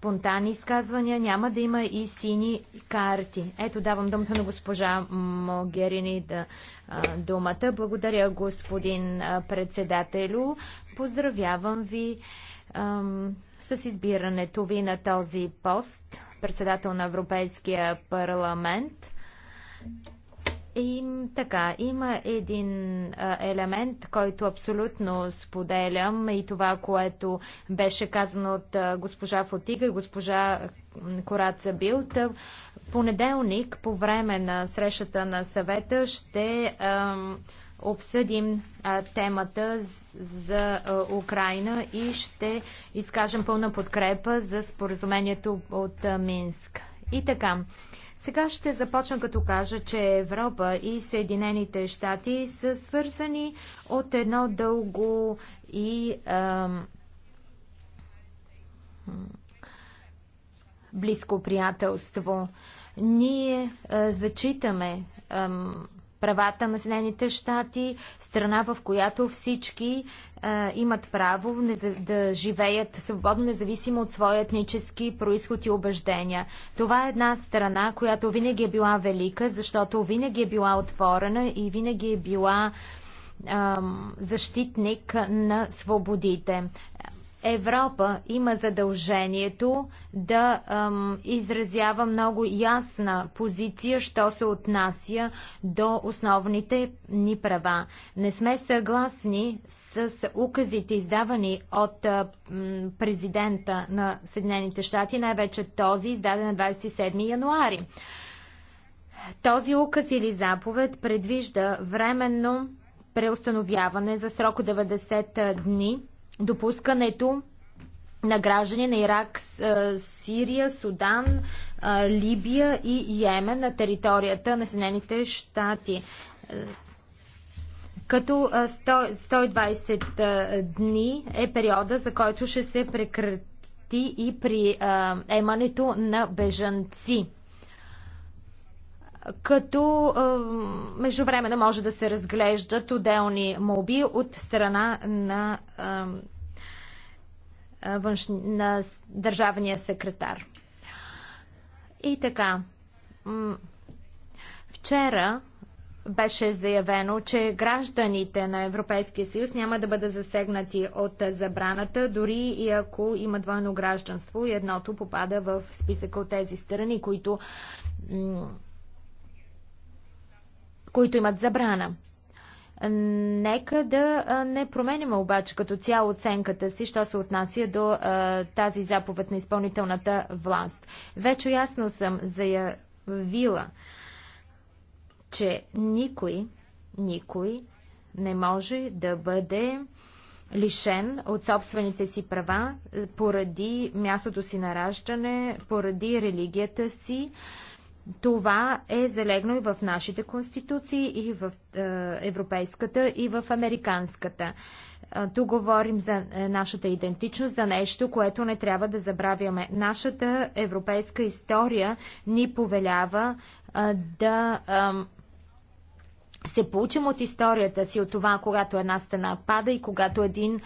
спонтанни изказвания, няма да има и сини карти. Ето давам думата на госпожа Могерини да, думата. Благодаря господин председателю. Поздравявам ви ам, с избирането ви на този пост, председател на Европейския парламент. И така, има един а, елемент, който абсолютно споделям и това, което беше казано от а, госпожа Фотига и госпожа Кораца Билт. Понеделник, по време на срещата на съвета, ще а, обсъдим темата за Украина и ще изкажем пълна подкрепа за споразумението от Минск. И така. Сега ще започна като кажа, че Европа и Съединените щати са свързани от едно дълго и ам, близко приятелство. Ние а, зачитаме ам, правата на Съединените щати, страна в която всички а, имат право да живеят свободно, независимо от своя етнически происход и убеждения. Това е една страна, която винаги е била велика, защото винаги е била отворена и винаги е била защитник на свободите. Европа има задължението да ам, изразява много ясна позиция, що се отнася до основните ни права. Не сме съгласни с указите, издавани от президента на Съединените щати, най-вече този, издаден на 27 януари. Този указ или заповед предвижда временно преустановяване за срок от 90 дни допускането на граждани на Ирак, Сирия, Судан, Либия и Йемен на територията на Съединените щати. Като 120 дни е периода, за който ще се прекрати и при емането на бежанци като е, междувременно може да се разглеждат отделни моби от страна на, е, външ... на държавния секретар. И така, вчера беше заявено, че гражданите на Европейския съюз няма да бъдат засегнати от забраната, дори и ако има двойно гражданство и едното попада в списъка от тези страни, които които имат забрана. Нека да не променяме обаче като цяло оценката си, що се отнася до а, тази заповед на изпълнителната власт. Вече ясно съм заявила, че никой, никой не може да бъде лишен от собствените си права поради мястото си на раждане, поради религията си това е залегнало и в нашите конституции, и в е, европейската, и в американската. Е, тук говорим за е, нашата идентичност, за нещо, което не трябва да забравяме. Нашата европейска история ни повелява да се получим от историята си, от това, когато една стена пада и когато един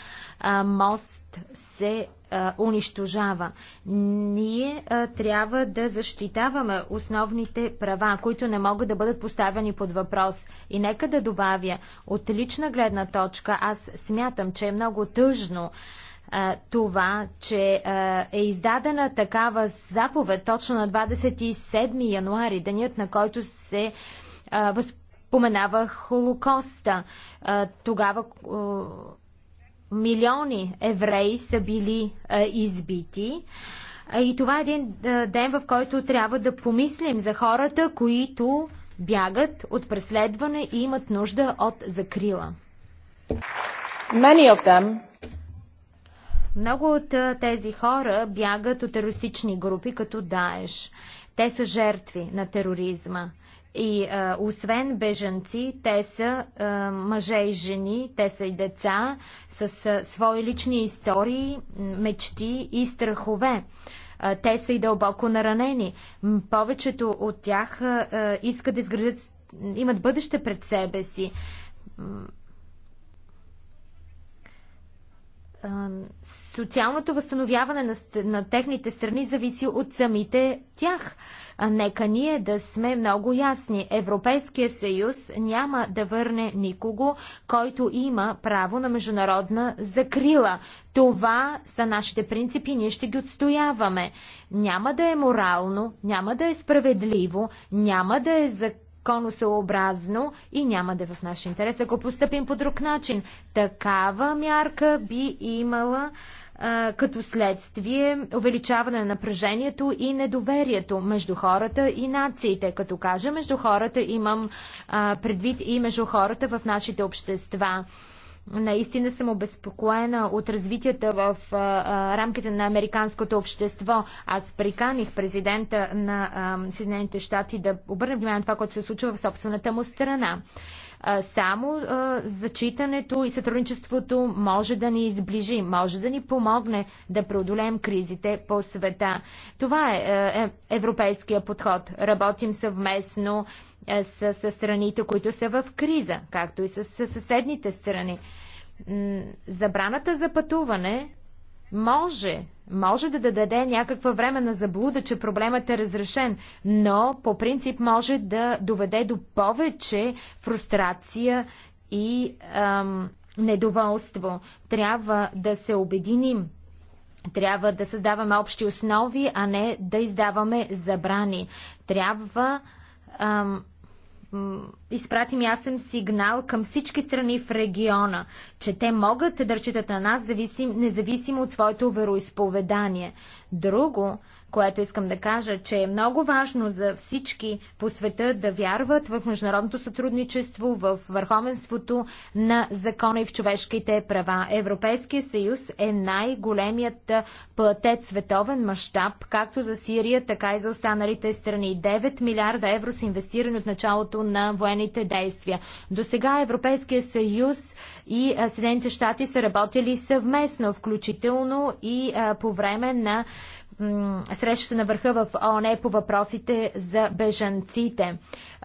мост се а, унищожава. Ние а, трябва да защитаваме основните права, които не могат да бъдат поставени под въпрос. И нека да добавя, от лична гледна точка, аз смятам, че е много тъжно това, че е издадена такава заповед точно на 27 януари, денят на който се възпоменава Холокоста. Тогава милиони евреи са били а, избити. А, и това е един а, ден, в който трябва да помислим за хората, които бягат от преследване и имат нужда от закрила. Many of them много от тези хора бягат от терористични групи, като Даеш. Те са жертви на тероризма. И а, освен бежанци, те са а, мъже и жени, те са и деца с а, свои лични истории, мечти и страхове. А, те са и дълбоко наранени. Повечето от тях а, искат да изградят, имат бъдеще пред себе си социалното възстановяване на, на техните страни зависи от самите тях. А нека ние да сме много ясни. Европейския съюз няма да върне никого, който има право на международна закрила. Това са нашите принципи, ние ще ги отстояваме. Няма да е морално, няма да е справедливо, няма да е закрила конусообразно и няма да е в наш интерес, ако поступим по друг начин. Такава мярка би имала а, като следствие увеличаване на напрежението и недоверието между хората и нациите. Като кажа между хората, имам а, предвид и между хората в нашите общества. Наистина съм обезпокоена от развитията в а, рамките на американското общество. Аз приканих президента на а, Съединените щати да обърне внимание на това, което се случва в собствената му страна. А, само зачитането и сътрудничеството може да ни изближи, може да ни помогне да преодолеем кризите по света. Това е, е, е европейския подход. Работим съвместно с, е, с страните, които са в криза, както и с, с съседните страни. Забраната за пътуване може, може да даде някаква време на заблуда, че проблемът е разрешен, но по принцип може да доведе до повече фрустрация и ам, недоволство. Трябва да се обединим. Трябва да създаваме общи основи, а не да издаваме забрани. Трябва ам, изпратим ясен сигнал към всички страни в региона, че те могат да разчитат на нас, независимо от своето вероисповедание. Друго, което искам да кажа, че е много важно за всички по света да вярват в международното сътрудничество, в върховенството на закона и в човешките права. Европейския съюз е най-големият платец световен мащаб, както за Сирия, така и за останалите страни. 9 милиарда евро са инвестирани от началото на военните действия. До сега Европейския съюз и Съединените щати са работили съвместно, включително и по време на среща на върха в ОНЕ по въпросите за бежанците.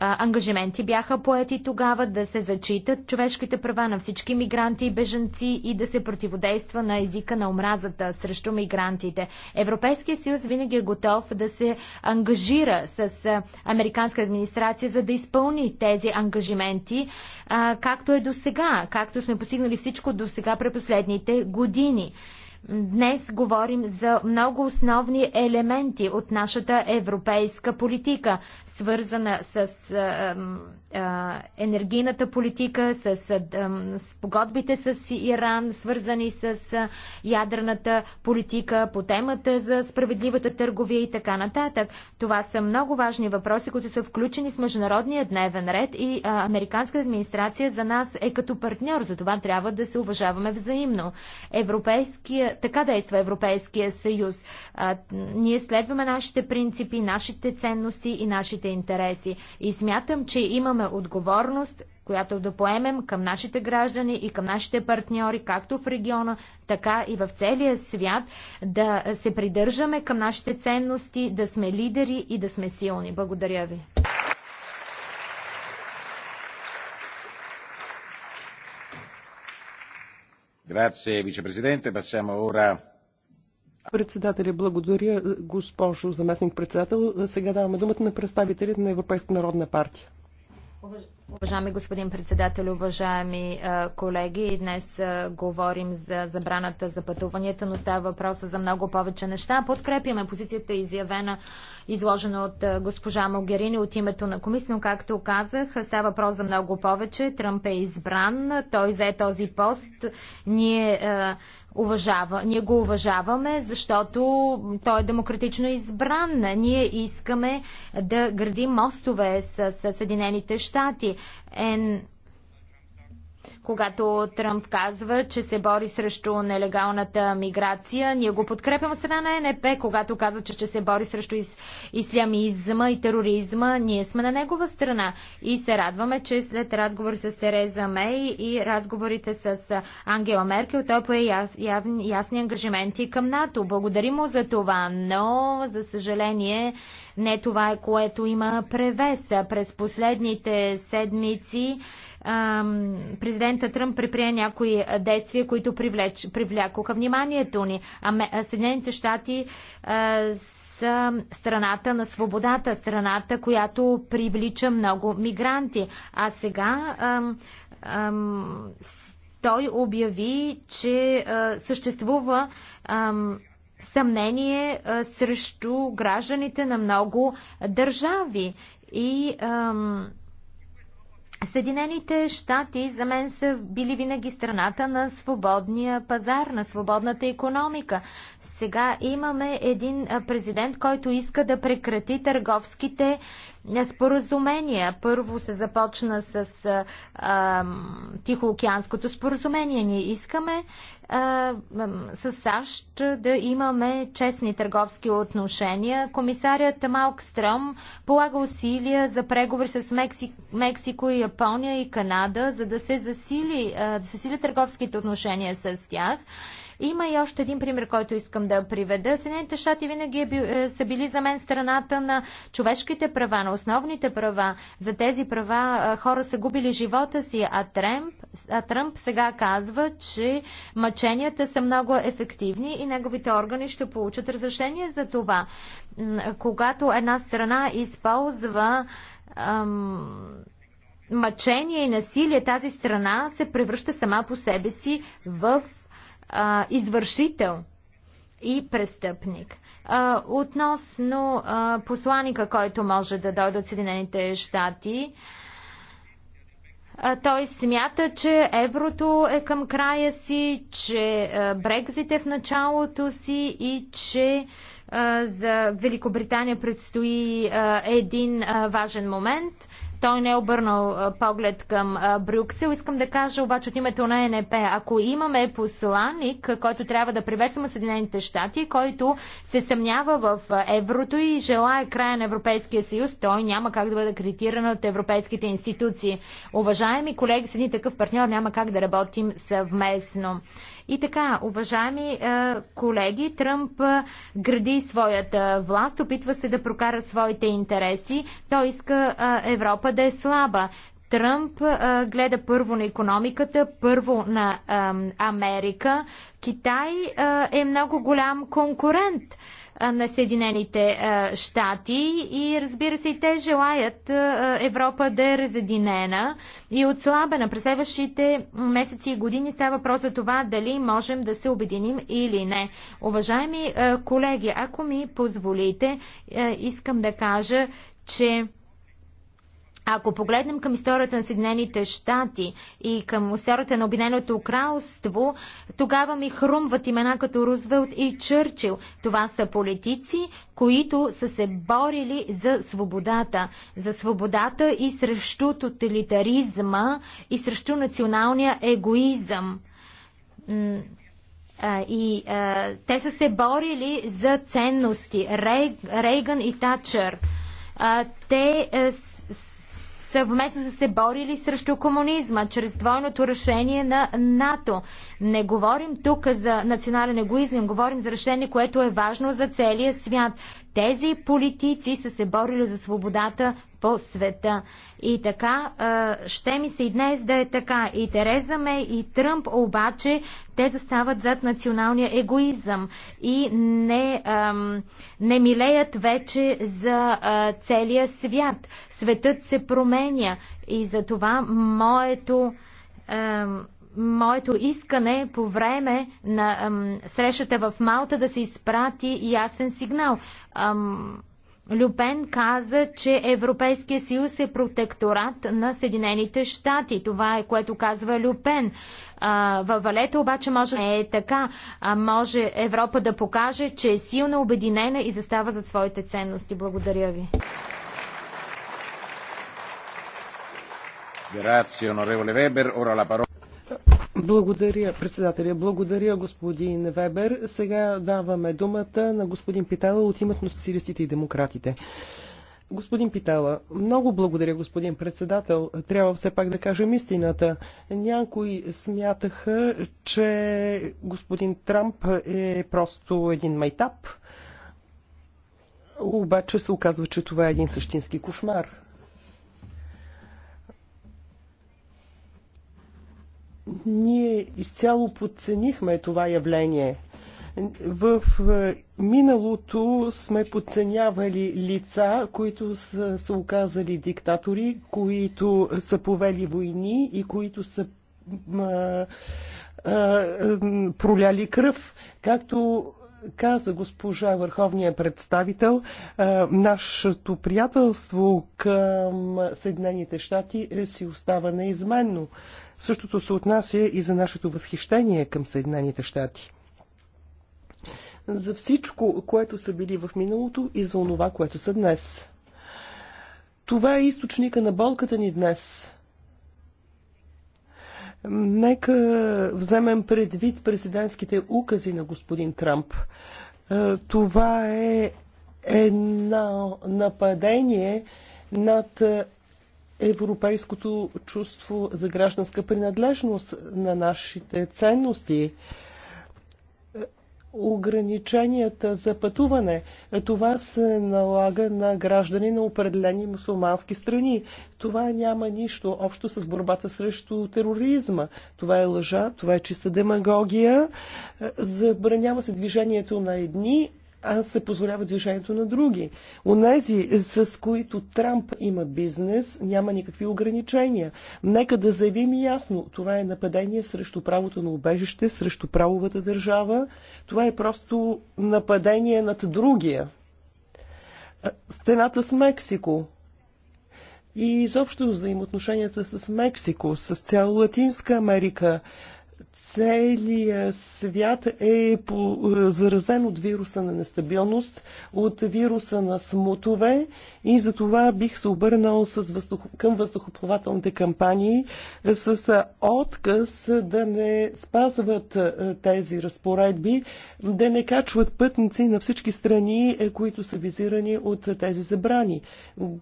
Ангажименти бяха поети тогава да се зачитат човешките права на всички мигранти и бежанци и да се противодейства на езика на омразата срещу мигрантите. Европейския съюз винаги е готов да се ангажира с американска администрация, за да изпълни тези ангажименти, както е до сега, както сме постигнали всичко до сега през последните години. Днес говорим за много основни елементи от нашата европейска политика, свързана с енергийната политика, с, с погодбите с Иран, свързани с ядрената политика, по темата за справедливата търговия и така нататък. Това са много важни въпроси, които са включени в международния дневен ред и а, американска администрация за нас е като партньор. За това трябва да се уважаваме взаимно. Европейския, така действа Европейския съюз. А, ние следваме нашите принципи, нашите ценности и нашите интереси. И смятам, че имаме имаме отговорност, която да поемем към нашите граждани и към нашите партньори, както в региона, така и в целия свят, да се придържаме към нашите ценности, да сме лидери и да сме силни. Благодаря ви. Председателя, благодаря, госпожо заместник-председател. Сега даваме думата на представителите на Европейска народна партия. Уважаеми Уважаеми господин председател, уважаеми а, колеги, днес а, говорим за забраната за пътуванията, но става въпроса за много повече неща. Подкрепяме позицията изявена, изложена от а, госпожа Могерини от името на комисия, но както казах, става въпрос за много повече. Тръмп е избран, той взе този пост. Ние уважава, ние го уважаваме, защото той е демократично избран. Ние искаме да градим мостове с, с Съединените щати. Ен когато Тръмп казва, че се бори срещу нелегалната миграция, ние го подкрепяме страна на НП. Когато казва, че ще се бори срещу ис- ислямизма и тероризма, ние сме на негова страна. И се радваме, че след разговори с Тереза Мей и разговорите с Ангела Меркел, той пое яв, яв, ясни ангажименти към НАТО. Благодарим му за това, но за съжаление не това е което има превеса. През последните седмици президента Тръмп приприе някои действия, които привлеч, привлякоха вниманието ни. А Съединените щати са страната на свободата, страната, която привлича много мигранти. А сега ам, ам, той обяви, че а, съществува ам, съмнение а, срещу гражданите на много държави. И ам, Съединените щати за мен са били винаги страната на свободния пазар, на свободната економика. Сега имаме един президент, който иска да прекрати търговските споразумения. Първо се започна с а, Тихоокеанското споразумение. Ние искаме а, с САЩ да имаме честни търговски отношения. Комисарият Малкстром полага усилия за преговори с Мексико Мексико, Япония и Канада, за да се засили, а, да засили търговските отношения с тях. Има и още един пример, който искам да приведа. Съединените щати винаги е бил, е, са били за мен страната на човешките права, на основните права. За тези права е, хора са губили живота си, а Тръмп, а Тръмп сега казва, че мъченията са много ефективни и неговите органи ще получат разрешение за това. Когато една страна използва ам, мъчение и насилие, тази страна се превръща сама по себе си в а, извършител и престъпник. А, относно а, посланика, който може да дойде от Съединените щати, той смята, че еврото е към края си, че Брекзит е в началото си и че за Великобритания предстои един важен момент. Той не е обърнал поглед към Брюксел. Искам да кажа обаче от името на ЕНП, ако имаме посланник, който трябва да приветства Съединените щати, който се съмнява в еврото и желая края на Европейския съюз, той няма как да бъде кредитиран от европейските институции. Уважаеми колеги, с един такъв партньор няма как да работим съвместно. И така, уважаеми е, колеги, Тръмп е, гради своята власт, опитва се да прокара своите интереси. Той иска е, Европа Европа да е слаба. Тръмп а, гледа първо на економиката, първо на а, Америка. Китай а, е много голям конкурент а, на Съединените щати и разбира се и те желаят а, Европа да е разединена и отслабена. През следващите месеци и години става въпрос за това дали можем да се обединим или не. Уважаеми а, колеги, ако ми позволите, а, искам да кажа, че ако погледнем към историята на Съединените щати и към историята на Обединеното кралство, тогава ми хрумват имена като Рузвелт и Чърчил. Това са политици, които са се борили за свободата. За свободата и срещу тоталитаризма и срещу националния егоизъм. И а, те са се борили за ценности. Рейган и Тачър. А, те са съвместно са се борили срещу комунизма, чрез двойното решение на НАТО. Не говорим тук за национален егоизъм, говорим за решение, което е важно за целия свят. Тези политици са се борили за свободата по света. И така, ще ми се и днес да е така. И Тереза ме, и Тръмп обаче, те застават зад националния егоизъм и не, ам, не милеят вече за а, целия свят. Светът се променя и за това моето... Ам, моето искане по време на ам, срещата в Малта да се изпрати ясен сигнал. Ам, Люпен каза, че Европейския съюз е протекторат на Съединените щати. Това е което казва Люпен. А, във Валета обаче може не е така. А може Европа да покаже, че е силно обединена и застава зад своите ценности. Благодаря ви. Grazie, onorevole Weber. Ora la parola. Благодаря, председателя. Благодаря, господин Вебер. Сега даваме думата на господин Питала от името на социалистите и демократите. Господин Питала, много благодаря, господин председател. Трябва все пак да кажем истината. Някои смятаха, че господин Трамп е просто един майтап. Обаче се оказва, че това е един същински кошмар. ние изцяло подценихме това явление. В е, миналото сме подценявали лица, които са се оказали диктатори, които са повели войни и които са а, а, е, е, проляли кръв, както каза госпожа Върховния представител, нашето приятелство към Съединените щати е, си остава неизменно. Същото се отнася и за нашето възхищение към Съединените щати. За всичко, което са били в миналото и за онова, което са днес. Това е източника на болката ни днес. Нека вземем предвид президентските укази на господин Трамп. Е, това е едно нападение над европейското чувство за гражданска принадлежност на нашите ценности ограниченията за пътуване. Това се налага на граждани на определени мусулмански страни. Това няма нищо общо с борбата срещу тероризма. Това е лъжа, това е чиста демагогия. Забранява се движението на едни, а се позволява движението на други. Онези, с които Трамп има бизнес, няма никакви ограничения. Нека да заявим ясно, това е нападение срещу правото на убежище, срещу правовата държава. Това е просто нападение над другия. Стената с Мексико. И изобщо взаимоотношенията с Мексико, с цяла Латинска Америка, Целият свят е, е заразен от вируса на нестабилност, от вируса на смутове и за това бих се обърнал с въздух... към въздухоплавателните кампании е, с е, отказ е, да не спазват тези разпоредби, да не качват пътници на всички страни, които са визирани от тези забрани.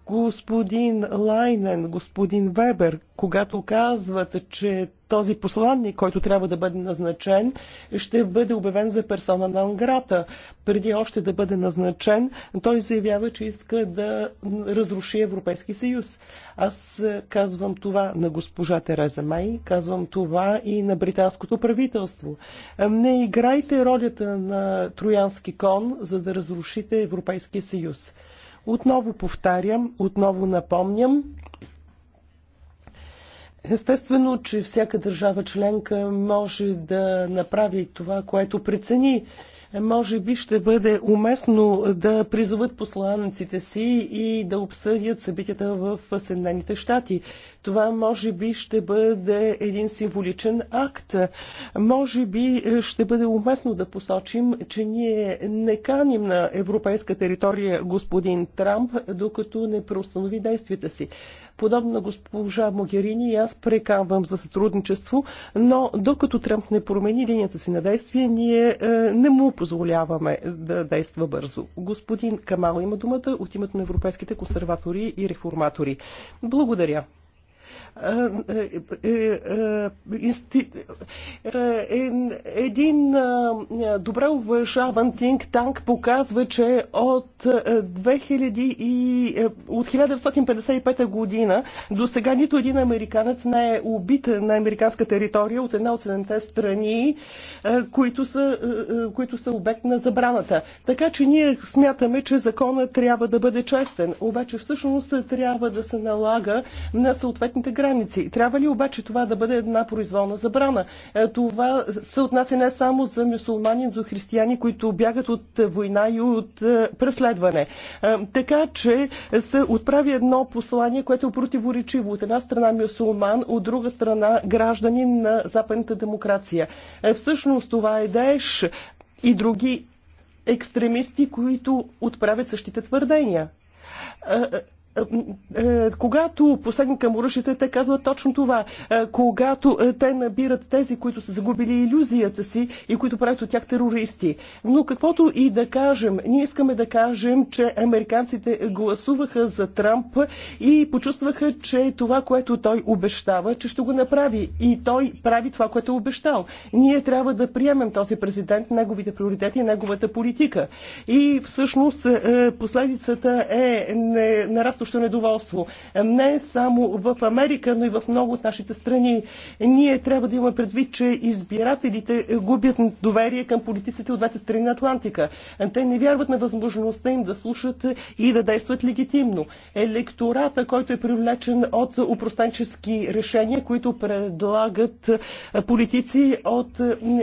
Господин Лайнен, господин Вебер, когато казват, че този посланник, който трябва да бъде назначен, ще бъде обявен за персона на Анграта преди още да бъде назначен, той заявява, че иска да разруши Европейски съюз. Аз е, казвам това на госпожа Тереза Май, казвам това и на британското правителство. Е, не играйте ролята на троянски кон, за да разрушите Европейския съюз. Отново повтарям, отново напомням, Естествено, че всяка държава членка може да направи това, което прецени може би ще бъде уместно да призоват посланниците си и да обсъдят събитията в Съединените щати. Това може би ще бъде един символичен акт. Може би ще бъде уместно да посочим, че ние не каним на европейска територия господин Трамп, докато не преустанови действията си. Подобно на госпожа Могерини, аз прекамвам за сътрудничество, но докато Тръмп не промени линията си на действие, ние е, не му позволяваме да действа бързо. Господин Камал има думата от името на европейските консерватори и реформатори. Благодаря. Един добре уважаван Тинг Танк показва, че от, 2000 и, от 1955 година до сега нито един американец не е убит на американска територия от една от седемте страни, които са, които са обект на забраната. Така че ние смятаме, че законът трябва да бъде честен, обаче всъщност трябва да се налага на съответно съответните граници. Трябва ли обаче това да бъде една произволна забрана? Е, това се отнася не само за мюсулмани, за християни, които бягат от война и от е, преследване. Е, така че се отправи едно послание, което е противоречиво. От една страна мюсулман, от друга страна гражданин на западната демокрация. Всъщност това е ДЕШ и други екстремисти, които отправят същите твърдения. Е, когато посегнат към оръжията, те казват точно това. Е, когато е, те набират тези, които са загубили иллюзията си и които правят от тях терористи. Но каквото и да кажем, ние искаме да кажем, че американците гласуваха за Трамп и почувстваха, че това, което той обещава, че ще го направи. И той прави това, което е обещал. Ние трябва да приемем този президент, неговите приоритети неговата политика. И всъщност последицата е нарастващ всеобщо недоволство. Е, не само в Америка, но и в много от нашите страни. Ние трябва да имаме предвид, че избирателите губят доверие към политиците от двете страни на Атлантика. Е, те не вярват на възможността им да слушат и да действат легитимно. Електората, който е привлечен от упростенчески решения, които предлагат е, политици от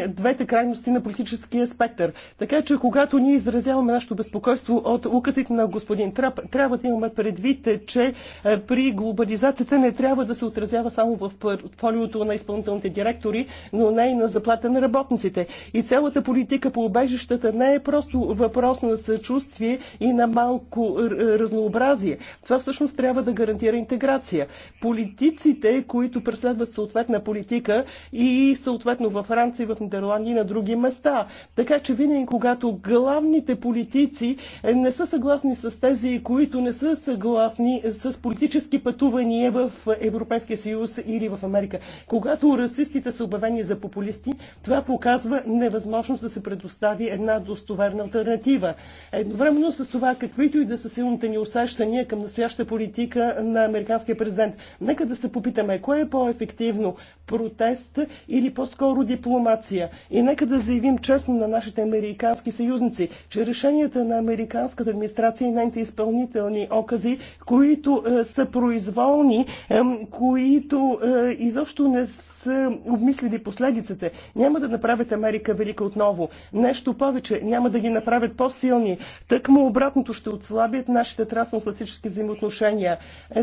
двете крайности на политическия спектър. Така че, когато ние изразяваме нашето безпокойство от указите на господин Трап, трябва да имаме предвид твърдите, че е, при глобализацията не трябва да се отразява само в портфолиото на изпълнителните директори, но не и на заплата на работниците. И цялата политика по обежищата не е просто въпрос на съчувствие и на малко разнообразие. Това всъщност трябва да гарантира интеграция. Политиците, които преследват съответна политика и съответно във Франция, в Нидерландия и на други места. Така че винаги, когато главните политици е, не са съгласни с тези, които не са съгласни, съгласни с политически пътувания в Европейския съюз или в Америка. Когато расистите са обявени за популисти, това показва невъзможност да се предостави една достоверна альтернатива. Едновременно с това, каквито и да са силните ни усещания към настояща политика на американския президент, нека да се попитаме, кое е по-ефективно – протест или по-скоро дипломация. И нека да заявим честно на нашите американски съюзници, че решенията на американската администрация и нейните изпълнителни окази които е, са произволни, е, които е, изобщо не са обмислили последиците. Няма да направят Америка велика отново. Нещо повече, няма да ги направят по-силни. Тъкмо обратното ще отслабят нашите трансатлантически взаимоотношения.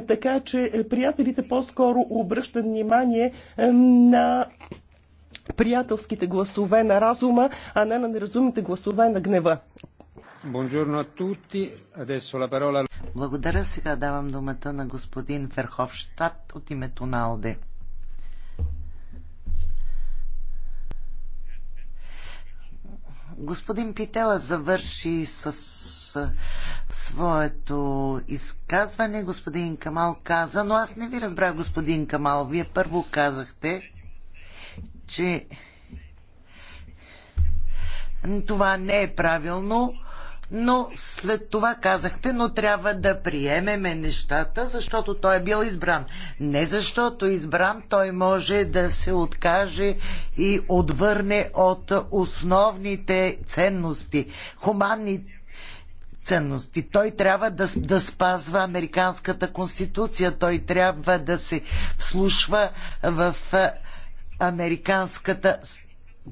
Така че приятелите по-скоро обръщат внимание на приятелските гласове на разума, а не на неразумните гласове на гнева. Благодаря. Сега давам думата на господин Ферховщад от името на Алде. Господин Питела завърши с своето изказване. Господин Камал каза, но аз не ви разбрах, господин Камал. Вие първо казахте, че това не е правилно но след това казахте, но трябва да приемеме нещата, защото той е бил избран. Не защото е избран, той може да се откаже и отвърне от основните ценности, хуманни ценности. Той трябва да, да спазва Американската конституция, той трябва да се вслушва в американската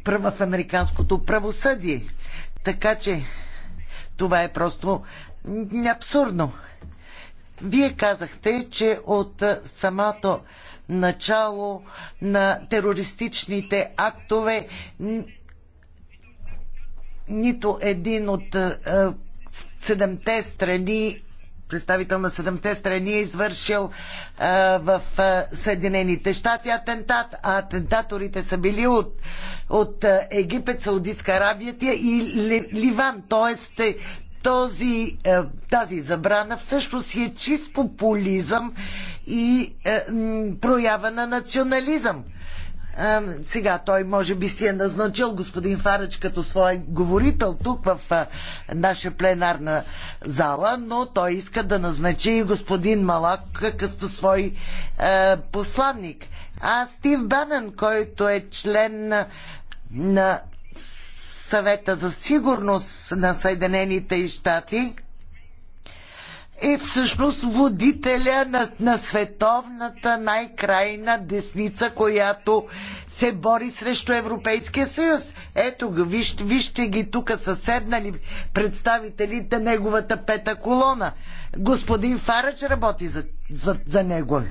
в американското правосъдие. Така че това е просто абсурдно. Вие казахте, че от самото начало на терористичните актове нито един от седемте страни представител на седемте страни е извършил а, в а, Съединените щати атентат, а атентаторите са били от, от а, Египет, Саудитска Арабия и Ливан. Тоест, е, този, а, е, тази забрана всъщност е чист популизъм и а, е, проява на национализъм сега той може би си е назначил господин Фарач като свой говорител тук в наша пленарна зала, но той иска да назначи и господин Малак като свой е, посланник. А Стив Банан, който е член на, на съвета за сигурност на Съединените щати, е всъщност водителя на, на световната най-крайна десница, която се бори срещу Европейския съюз. Ето го, вижте, вижте ги тук са седнали представителите неговата пета колона. Господин Фарач работи за, за, за него.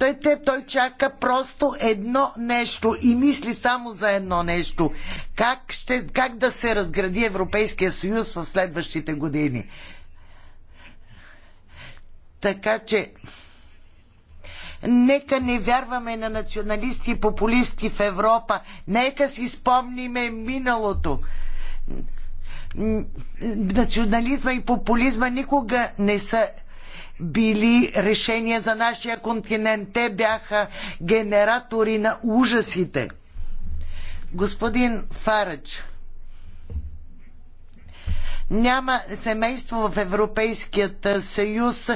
Той, те, той чака просто едно нещо и мисли само за едно нещо. Как, ще, как да се разгради Европейския съюз в следващите години? Така че, нека не вярваме на националисти и популисти в Европа. Нека си спомниме миналото национализма и популизма никога не са били решения за нашия континент. Те бяха генератори на ужасите. Господин Фарач, няма семейство в Европейският съюз,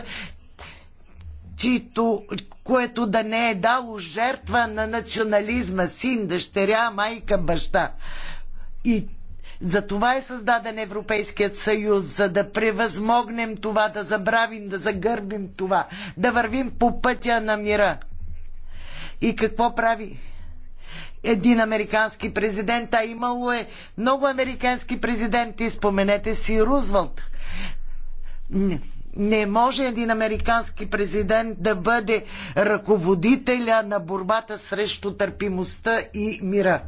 чието, което да не е дало жертва на национализма, син, дъщеря, майка, баща. И за това е създаден Европейският съюз, за да превъзмогнем това, да забравим, да загърбим това, да вървим по пътя на мира. И какво прави? един американски президент, а имало е много американски президенти, споменете си Рузвалт. Не, не може един американски президент да бъде ръководителя на борбата срещу търпимостта и мира.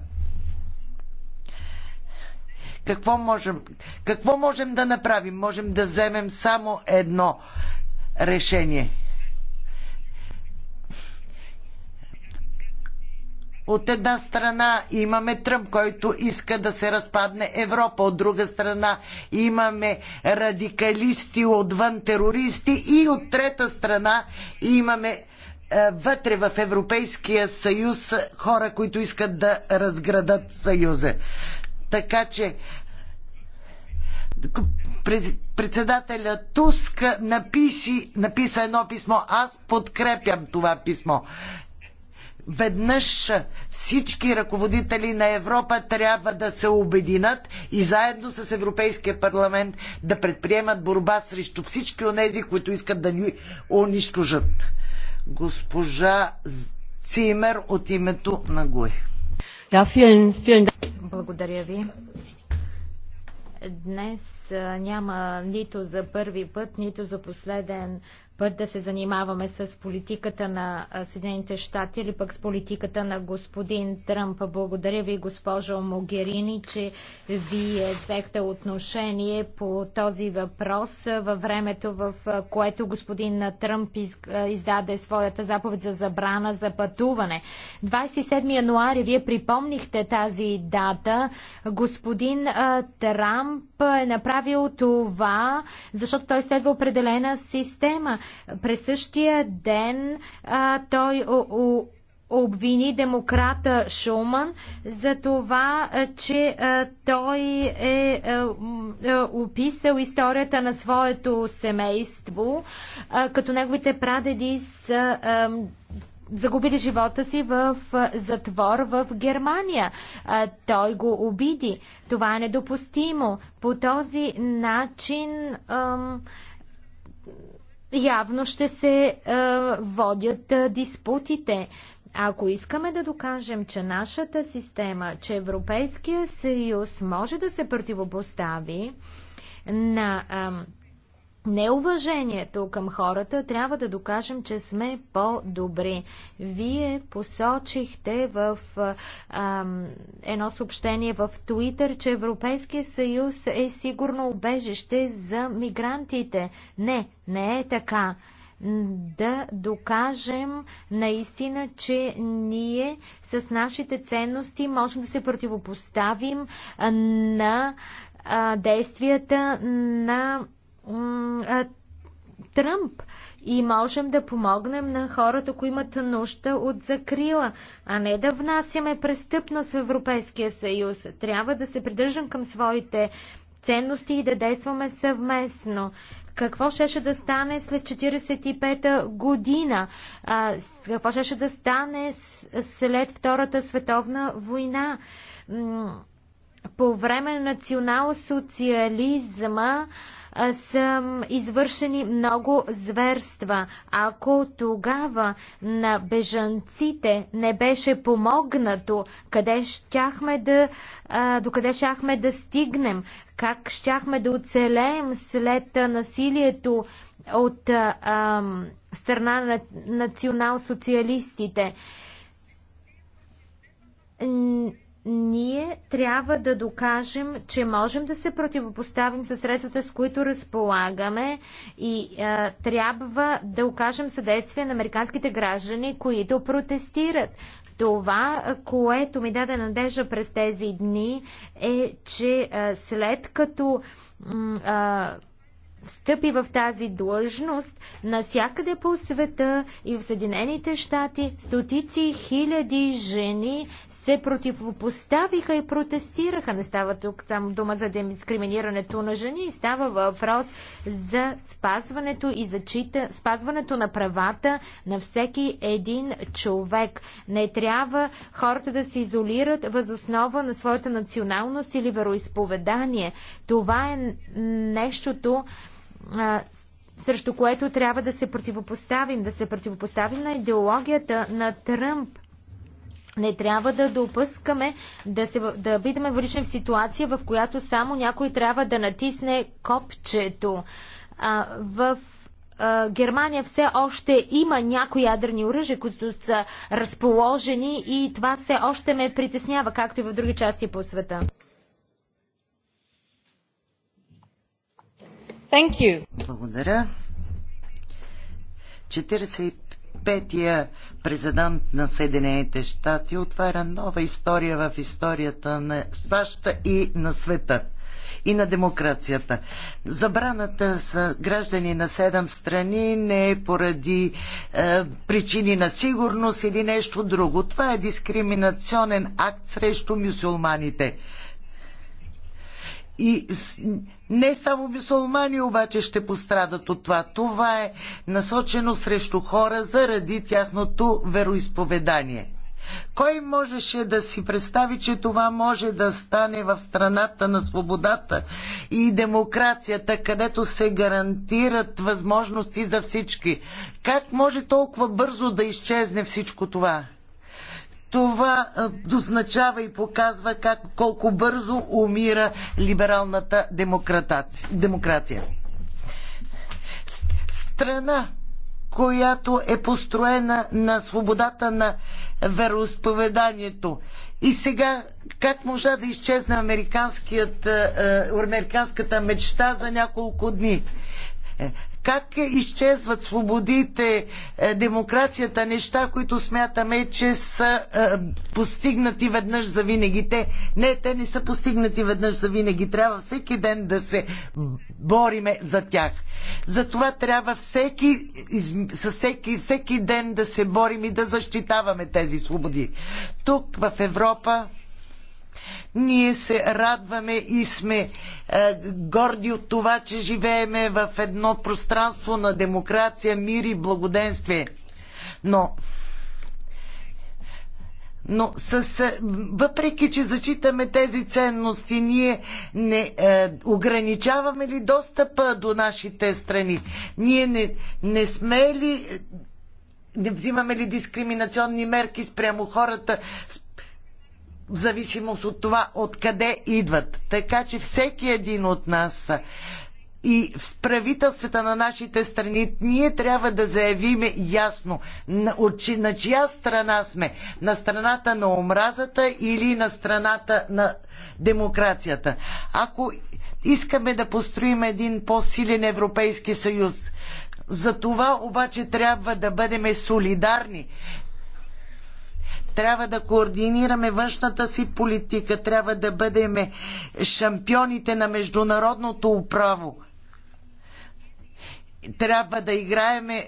Какво можем, какво можем да направим? Можем да вземем само едно решение. От една страна имаме Тръмп, който иска да се разпадне Европа, от друга страна имаме радикалисти отвън терористи и от трета страна имаме е, вътре в Европейския съюз хора, които искат да разградат съюза. Така че председателя Туск написи, написа едно писмо. Аз подкрепям това писмо. Веднъж всички ръководители на Европа трябва да се обединят и заедно с Европейския парламент да предприемат борба срещу всички тези, които искат да ни унищожат. Госпожа Цимер от името на Гуе. Благодаря ви. Днес няма нито за първи път, нито за последен път да се занимаваме с политиката на Съединените щати или пък с политиката на господин Тръмп. Благодаря ви, госпожо Могерини, че вие взехте отношение по този въпрос във времето, в което господин Тръмп издаде своята заповед за забрана за пътуване. 27 януари вие припомнихте тази дата. Господин Трамп е направил това, защото той следва определена система през същия ден а, той обвини демократа Шуман за това, че а, той е а, описал историята на своето семейство, а, като неговите прадеди са загубили живота си в затвор в Германия. Той го обиди. Това е недопустимо. По този начин явно ще се е, водят е, диспутите. Ако искаме да докажем, че нашата система, че Европейския съюз може да се противопостави на неуважението към хората, трябва да докажем, че сме по-добри. Вие посочихте в ам, едно съобщение в Твитър, че Европейския съюз е сигурно убежище за мигрантите. Не, не е така да докажем наистина, че ние с нашите ценности можем да се противопоставим на действията на Тръмп и можем да помогнем на хората, които имат нужда от закрила, а не да внасяме престъпност в Европейския съюз. Трябва да се придържам към своите ценности и да действаме съвместно. Какво щеше да стане след 45-та година? А, какво щеше да стане след Втората световна война? По време на национал-социализма са извършени много зверства. Ако тогава на бежанците не беше помогнато, къде щяхме да, докъде щяхме да стигнем, как щяхме да оцелеем след насилието от страна на национал-социалистите ние трябва да докажем, че можем да се противопоставим със средствата, с които разполагаме и а, трябва да окажем съдействие на американските граждани, които протестират. Това, което ми даде надежда през тези дни е, че а, след като а, встъпи в тази длъжност, насякъде по света и в Съединените щати стотици хиляди жени се противопоставиха и протестираха. Не става тук там дума за дискриминирането на жени, става въпрос за спазването и зачита, спазването на правата на всеки един човек. Не трябва хората да се изолират възоснова на своята националност или вероисповедание. Това е нещото, срещу което трябва да се противопоставим, да се противопоставим на идеологията на Тръмп. Не трябва да допускаме да, се, да бидеме вършен в ситуация, в която само някой трябва да натисне копчето. А, в а, Германия все още има някои ядрени оръжия, които са разположени и това все още ме притеснява, както и в други части по света. Thank you. Благодаря. 45 петия президент на Съединените щати отваря нова история в историята на САЩ и на света и на демокрацията. Забраната за граждани на седем страни не е поради е, причини на сигурност или нещо друго. Това е дискриминационен акт срещу мюсюлманите. И не само мусулмани обаче ще пострадат от това. Това е насочено срещу хора заради тяхното вероисповедание. Кой можеше да си представи, че това може да стане в страната на свободата и демокрацията, където се гарантират възможности за всички? Как може толкова бързо да изчезне всичко това? това дозначава и показва как, колко бързо умира либералната демокрация. Страна, която е построена на свободата на вероисповеданието. И сега как можа да изчезне американската мечта за няколко дни? Е, как е изчезват свободите, е, демокрацията, неща, които смятаме, че са е, постигнати веднъж за винаги. Те, не, те не са постигнати веднъж за винаги. Трябва всеки ден да се бориме за тях. Затова трябва всеки, всеки, всеки ден да се борим и да защитаваме тези свободи. Тук в Европа ние се радваме и сме е, горди от това, че живееме в едно пространство на демокрация, мир и благоденствие. Но но с, е, въпреки, че зачитаме тези ценности, ние не е, ограничаваме ли достъпа до нашите страни? Ние не, не сме ли е, не взимаме ли дискриминационни мерки спрямо хората, в зависимост от това откъде идват. Така че всеки един от нас и в правителствата на нашите страни ние трябва да заявим ясно на чия страна сме. На страната на омразата или на страната на демокрацията. Ако искаме да построим един по-силен Европейски съюз, за това обаче трябва да бъдем солидарни, трябва да координираме външната си политика, трябва да бъдем шампионите на международното право. Трябва да играеме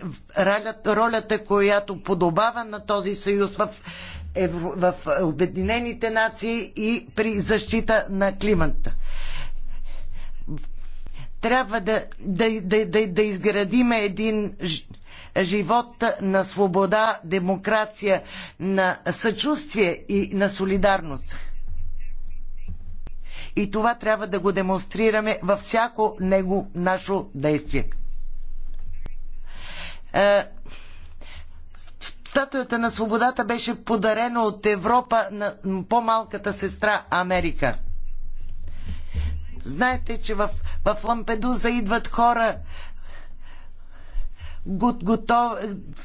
ролята, която подобава на този съюз в в Обединените нации и при защита на климата. Трябва да, да, да, да, да изградим един живот на свобода, демокрация, на съчувствие и на солидарност. И това трябва да го демонстрираме във всяко него наше действие. Е, статуята на свободата беше подарена от Европа на по-малката сестра Америка. Знаете, че в, в Лампедуза идват хора готов,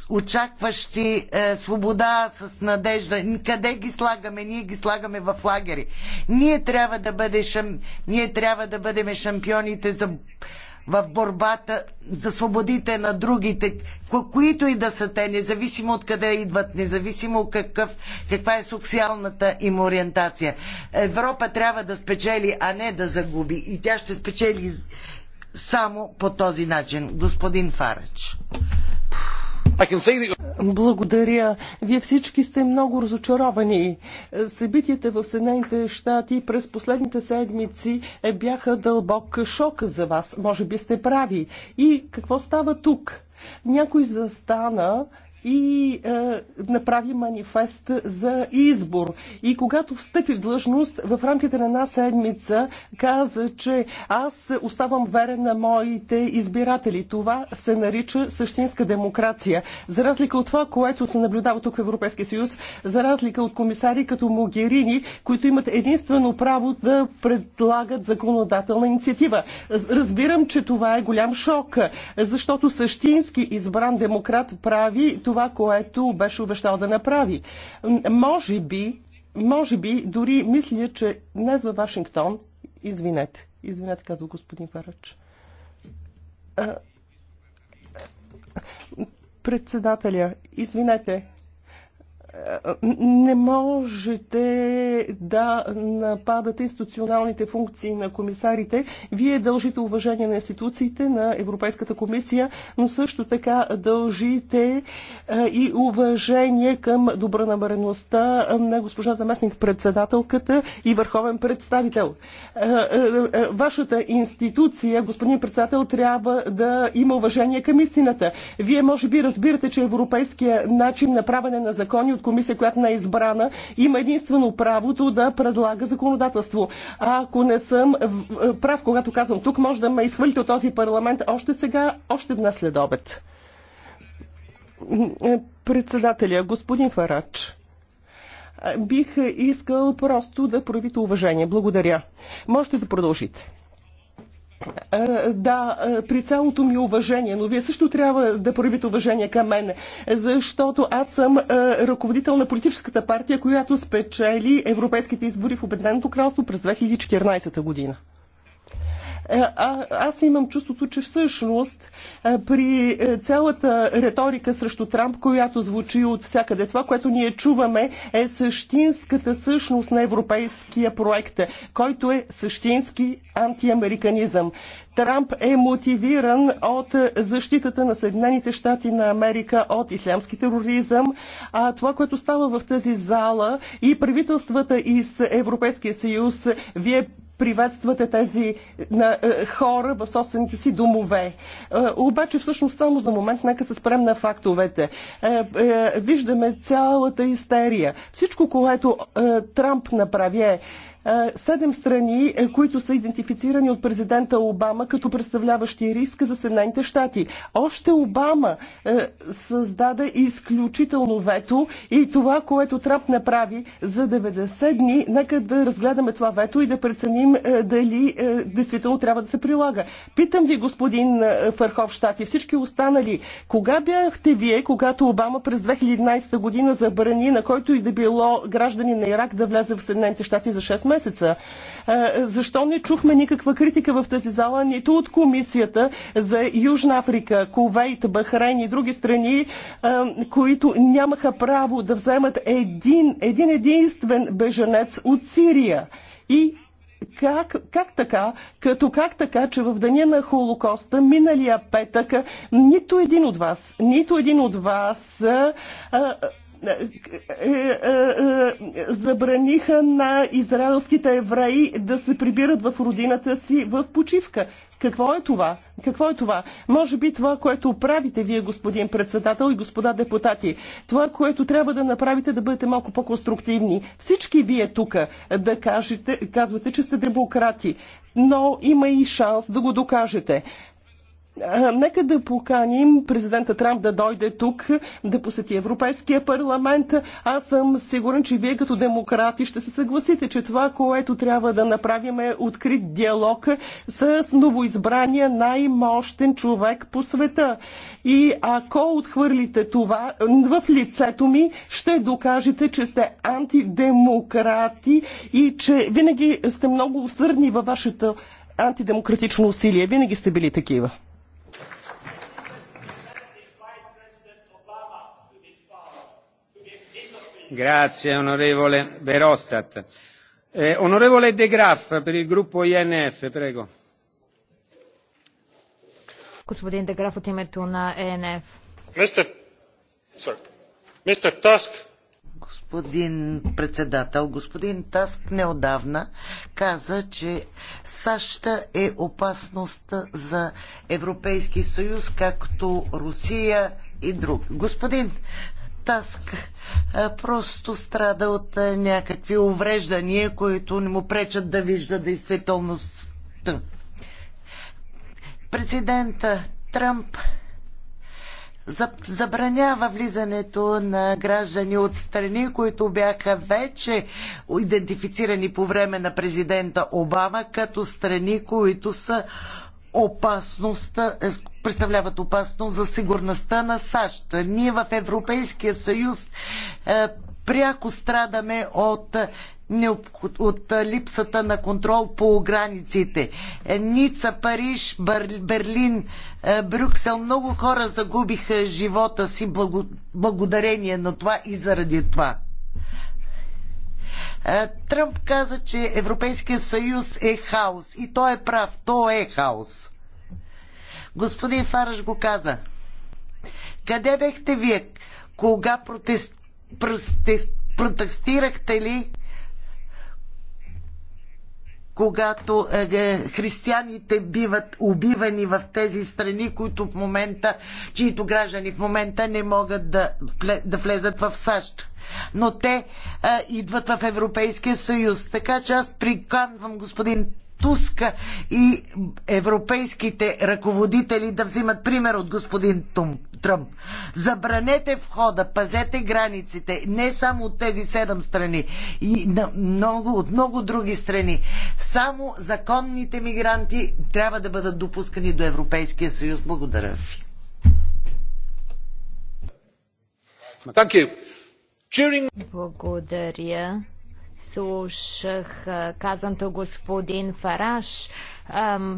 очакващи е, свобода с надежда. Къде ги слагаме? Ние ги слагаме в лагери. Ние трябва да, бъде шам... Ние трябва да бъдем шампионите за в борбата за свободите на другите, ко- които и да са те, независимо от къде идват, независимо какъв, каква е социалната им ориентация. Европа трябва да спечели, а не да загуби. И тя ще спечели само по този начин. Господин Фарач. Благодаря. Вие всички сте много разочаровани. Събитията в Съединените щати през последните седмици е, бяха дълбок шок за вас. Може би сте прави. И какво става тук? Някой застана и е, направи манифест за избор. И когато встъпи в длъжност, в рамките на една седмица каза, че аз оставам верен на моите избиратели. Това се нарича същинска демокрация. За разлика от това, което се наблюдава тук в Европейския съюз, за разлика от комисари като Могерини, които имат единствено право да предлагат законодателна инициатива. Разбирам, че това е голям шок, защото същински избран демократ прави това това, което беше обещал да направи. Може би, може би, дори мисля, че днес във Вашингтон, извинете, извинете, казва господин Фарач. председателя, извинете, не можете да нападате институционалните функции на комисарите. Вие дължите уважение на институциите, на Европейската комисия, но също така дължите е, и уважение към добронамереността на госпожа заместник председателката и върховен представител. Е, е, вашата институция, господин председател, трябва да има уважение към истината. Вие може би разбирате, че европейския начин на правене на закони от комисия, която не е избрана, има единствено правото да предлага законодателство. А ако не съм прав, когато казвам тук, може да ме изхвърлите от този парламент още сега, още днес след обед. Председателя, господин Фарач бих искал просто да проявите уважение. Благодаря. Можете да продължите. Е, да, е, при цялото ми уважение, но вие също трябва да проявите уважение към мен, защото аз съм е, ръководител на политическата партия, която спечели европейските избори в Обединеното кралство през 2014 година. А, аз имам чувството, че всъщност при е, цялата риторика срещу Трамп, която звучи от всякъде. Това, което ние чуваме е същинската същност на европейския проект, който е същински антиамериканизъм. Трамп е мотивиран от защитата на Съединените щати на Америка от ислямски тероризъм. А това, което става в тази зала и правителствата из Европейския съюз, вие приветствате тези на, е, хора в собствените си домове. Е, обаче всъщност само за момент нека се спрем на фактовете. Е, е, виждаме цялата истерия. Всичко, което е, Трамп направи е е, седем страни, е, които са идентифицирани от президента Обама като представляващи риск за Съединените щати. Още Обама е, създаде изключително вето и това, което Трамп направи за 90 дни, нека да разгледаме това вето и да преценим дали действително трябва да се прилага. Питам ви, господин Фархов и всички останали, кога бяхте вие, когато Обама през 2011 година забрани на който и да било граждани на Ирак да влезе в Съединените щати за 6 месеца? месеца. Защо не чухме никаква критика в тази зала, нито от комисията за Южна Африка, Кувейт, Бахрейн и други страни, които нямаха право да вземат един, един единствен беженец от Сирия? И как, как така, като как така, че в деня на Холокоста, миналия петък, нито един от вас, нито един от вас а, а, забраниха на израелските евреи да се прибират в родината си в почивка. Какво е това? Какво е това? Може би това, което правите вие, господин председател и господа депутати, това, което трябва да направите, да бъдете малко по-конструктивни. Всички вие тук да кажете, казвате, че сте демократи, но има и шанс да го докажете. Нека да поканим президента Трамп да дойде тук, да посети Европейския парламент. Аз съм сигурен, че вие като демократи ще се съгласите, че това, което трябва да направим е открит диалог с новоизбрания най-мощен човек по света. И ако отхвърлите това в лицето ми, ще докажете, че сте антидемократи и че винаги сте много усърдни във вашето антидемократично усилие. Винаги сте били такива. Eh, господин Де Граф от името на e Господин председател, господин Таск неодавна каза, че САЩ е опасност за Европейски съюз, както Русия и друг. Господин Таск е, просто страда от е, някакви увреждания, които не му пречат да вижда действителността. Президента Тръмп забранява влизането на граждани от страни, които бяха вече идентифицирани по време на президента Обама като страни, които са Опасността, е, представляват опасност за сигурността на САЩ. Ние в Европейския съюз е, пряко страдаме от е, от липсата на контрол по границите. Ница, Париж, Берлин, Брюксел, много хора загубиха живота си благодарение на това и заради това. Е, Тръмп каза, че Европейския съюз е хаос. И той е прав. То е хаос. Господин Фараш го каза. Къде бехте вие? Кога протест... протест... протестирахте ли когато е, е, християните биват убивани в тези страни, които в момента, чието граждани в момента не могат да, да влезат в САЩ. Но те е, идват в Европейския съюз. Така че аз приканвам господин Туска и европейските ръководители да взимат пример от господин Тум, Тръмп. Забранете входа, пазете границите, не само от тези седем страни, и на много, от много други страни. Само законните мигранти трябва да бъдат допускани до Европейския съюз. Благодаря ви. Благодаря слушах казанто господин Фараш.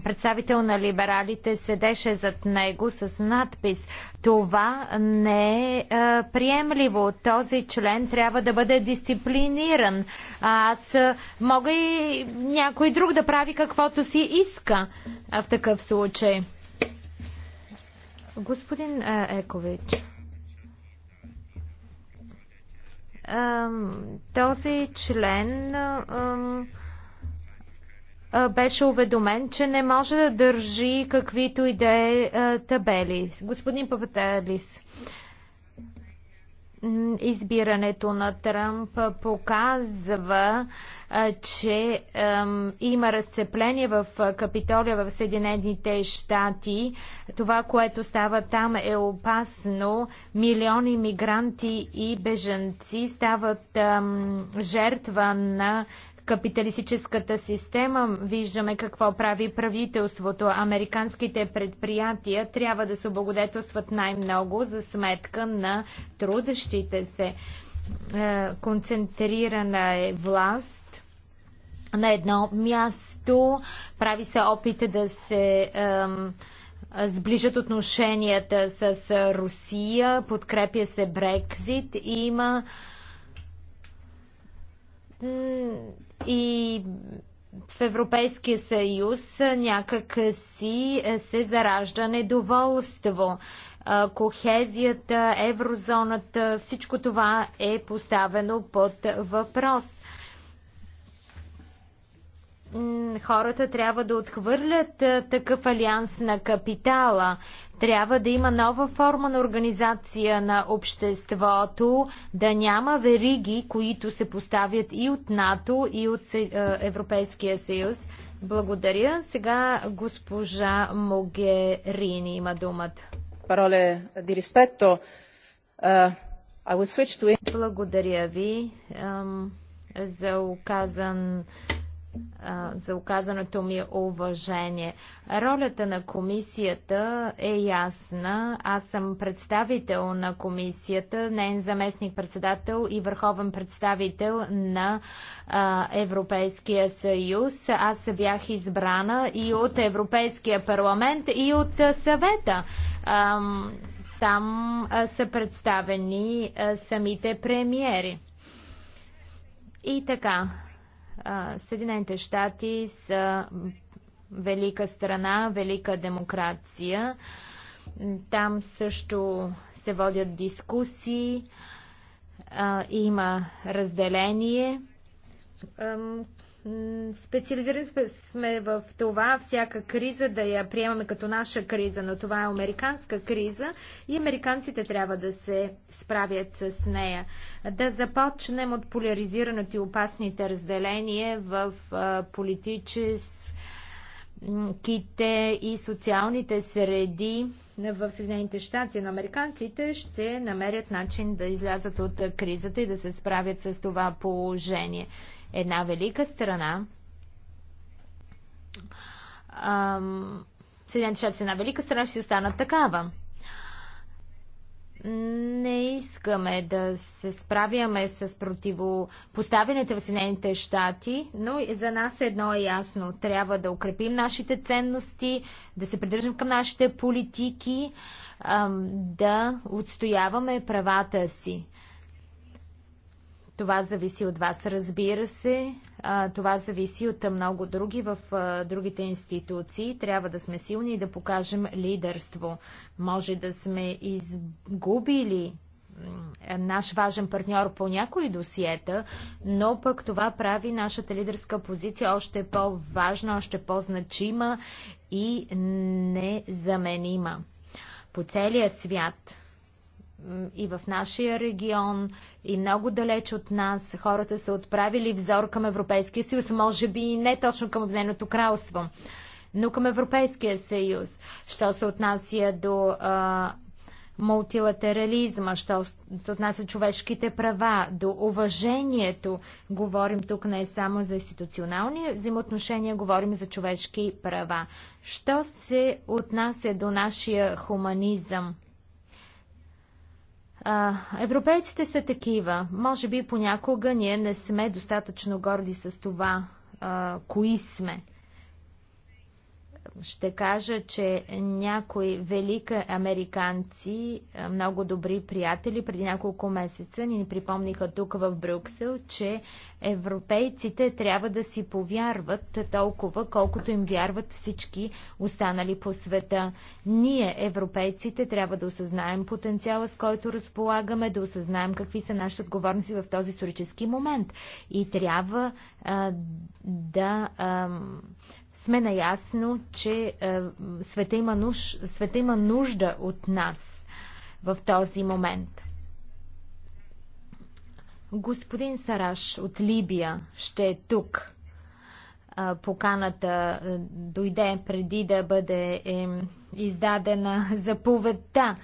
Представител на либералите седеше зад него с надпис Това не е приемливо. Този член трябва да бъде дисциплиниран. Аз мога и някой друг да прави каквото си иска в такъв случай. Господин Екович. този член беше уведомен, че не може да държи каквито и да е табели. Господин Папаталис, избирането на Тръмп показва, че има разцепление в Капитолия в Съединените щати. Това, което става там е опасно. Милиони мигранти и бежанци стават жертва на капиталистическата система. Виждаме какво прави правителството. Американските предприятия трябва да се облагодетелстват най-много за сметка на трудещите се. Е, концентрирана е власт на едно място. Прави се опит да се сближат отношенията с Русия, подкрепя се Брекзит и има и в Европейския съюз някак си се заражда недоволство. Кохезията, еврозоната, всичко това е поставено под въпрос. Хората трябва да отхвърлят такъв алианс на капитала. Трябва да има нова форма на организация на обществото, да няма вериги, които се поставят и от НАТО, и от е, Европейския съюз. Благодаря. Сега госпожа Могерини има думата. Пароле ди е, Благодаря ви um, за оказан за оказаното ми уважение. Ролята на комисията е ясна. Аз съм представител на комисията, нейн заместник-председател и върховен представител на а, Европейския съюз. Аз бях избрана и от Европейския парламент, и от съвета. А, там а, са представени а, самите премиери. И така, Съединените щати са велика страна, велика демокрация. Там също се водят дискусии, има разделение, Специализирани сме в това всяка криза да я приемаме като наша криза, но това е американска криза и американците трябва да се справят с нея. Да започнем от поляризирането и опасните разделения в политическите и социалните среди в Съединените щати на американците ще намерят начин да излязат от кризата и да се справят с това положение една велика страна. Съединените щати са една велика страна, ще си останат такава. Не искаме да се справяме с противопоставянето в Съединените щати, но и за нас едно е ясно. Трябва да укрепим нашите ценности, да се придържам към нашите политики, да отстояваме правата си. Това зависи от вас, разбира се. Това зависи от много други в другите институции. Трябва да сме силни и да покажем лидерство. Може да сме изгубили наш важен партньор по някои досиета, но пък това прави нашата лидерска позиция още по-важна, още по-значима и незаменима. По целия свят и в нашия регион, и много далеч от нас. Хората са отправили взор към Европейския съюз, може би и не точно към Обединеното кралство, но към Европейския съюз. Що се отнася до а, мултилатерализма, що се отнася човешките права, до уважението. Говорим тук не само за институционални взаимоотношения, говорим за човешки права. Що се отнася до нашия хуманизъм? европейците са такива. Може би понякога ние не сме достатъчно горди с това, а, кои сме ще кажа, че някои велика американци, е, много добри приятели, преди няколко месеца ни припомниха тук в Брюксел, че европейците трябва да си повярват толкова, колкото им вярват всички останали по света. Ние, европейците, трябва да осъзнаем потенциала, с който разполагаме, да осъзнаем какви са нашите отговорности в този исторически момент. И трябва а, да. А, сме наясно, че е, света има, нуж, света има нужда от нас в този момент. Господин Сараш от Либия ще е тук. Е, поканата е, дойде преди да бъде издадена заповедта.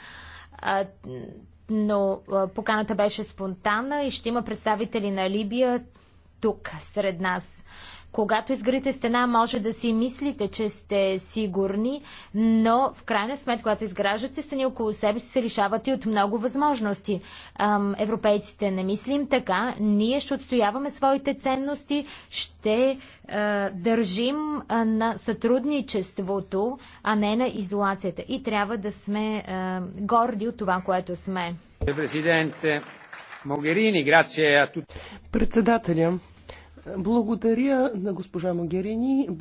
но поканата беше спонтанна и ще има представители на Либия тук сред нас. Когато изградите стена, може да си мислите, че сте сигурни, но в крайна сметка, когато изграждате стени около себе си, се лишавате от много възможности. Ам, европейците не мислим така. Ние ще отстояваме своите ценности, ще а, е, държим а, на сътрудничеството, а не на изолацията. И трябва да сме а, е, горди от това, което сме. Президент Могерини, грация. Е, Председателя, благодаря на госпожа Могерини.